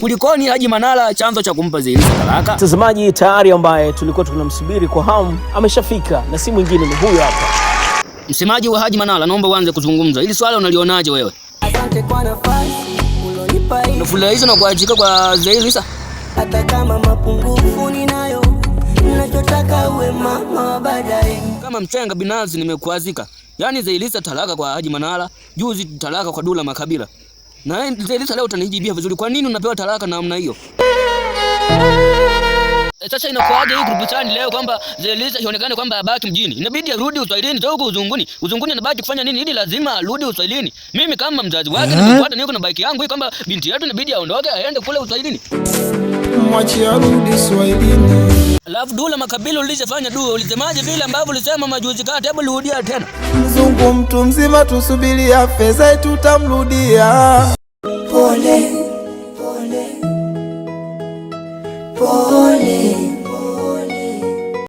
Kulikoni Haji Manara, chanzo cha kumpa Zaiylisa talaka? Mtazamaji tayari ambaye tulikuwa tunamsubiri kwa hamu ameshafika, na si mwingine ni huyu hapa. Msemaji wa Haji Manara, naomba uanze kuzungumza Ili swala, unalionaje wewe? Asante kwa nafasi ulonipa hii. Nafurahishwa na kuachika kwa Zaiylisa, hata kama mapungufu ninayo, ninachotaka uwe mama baadaye. Kama mchenga binazi nimekuazika Yaani Zaiylissa talaka kwa Haji Manara, juzi talaka kwa Dula Makabila. Na Zaiylissa leo utanijibia vizuri. Kwa nini unapewa talaka namna hiyo? Eh, sasa inakuaje hii grupu chani leo kwamba Zelisa ionekane kwamba abaki mjini. Inabidi arudi Uswahilini toka uzunguni. Uzunguni anabaki kufanya nini? Ili lazima arudi Uswahilini. Mimi kama mzazi wake eh? nimekufuata niko na bike yangu hii kwamba binti yetu inabidi aondoke aende kule Uswahilini. Mwache arudi Uswahilini. Alafu Dula Makabila ulizofanya Dula ulisemaje vile ambavyo ulisema majuzi kati, hebu rudia tena. Mzungu mtu mzima tusubiri afe zetu tutamrudia. Pole. Pole. Pole. Hey.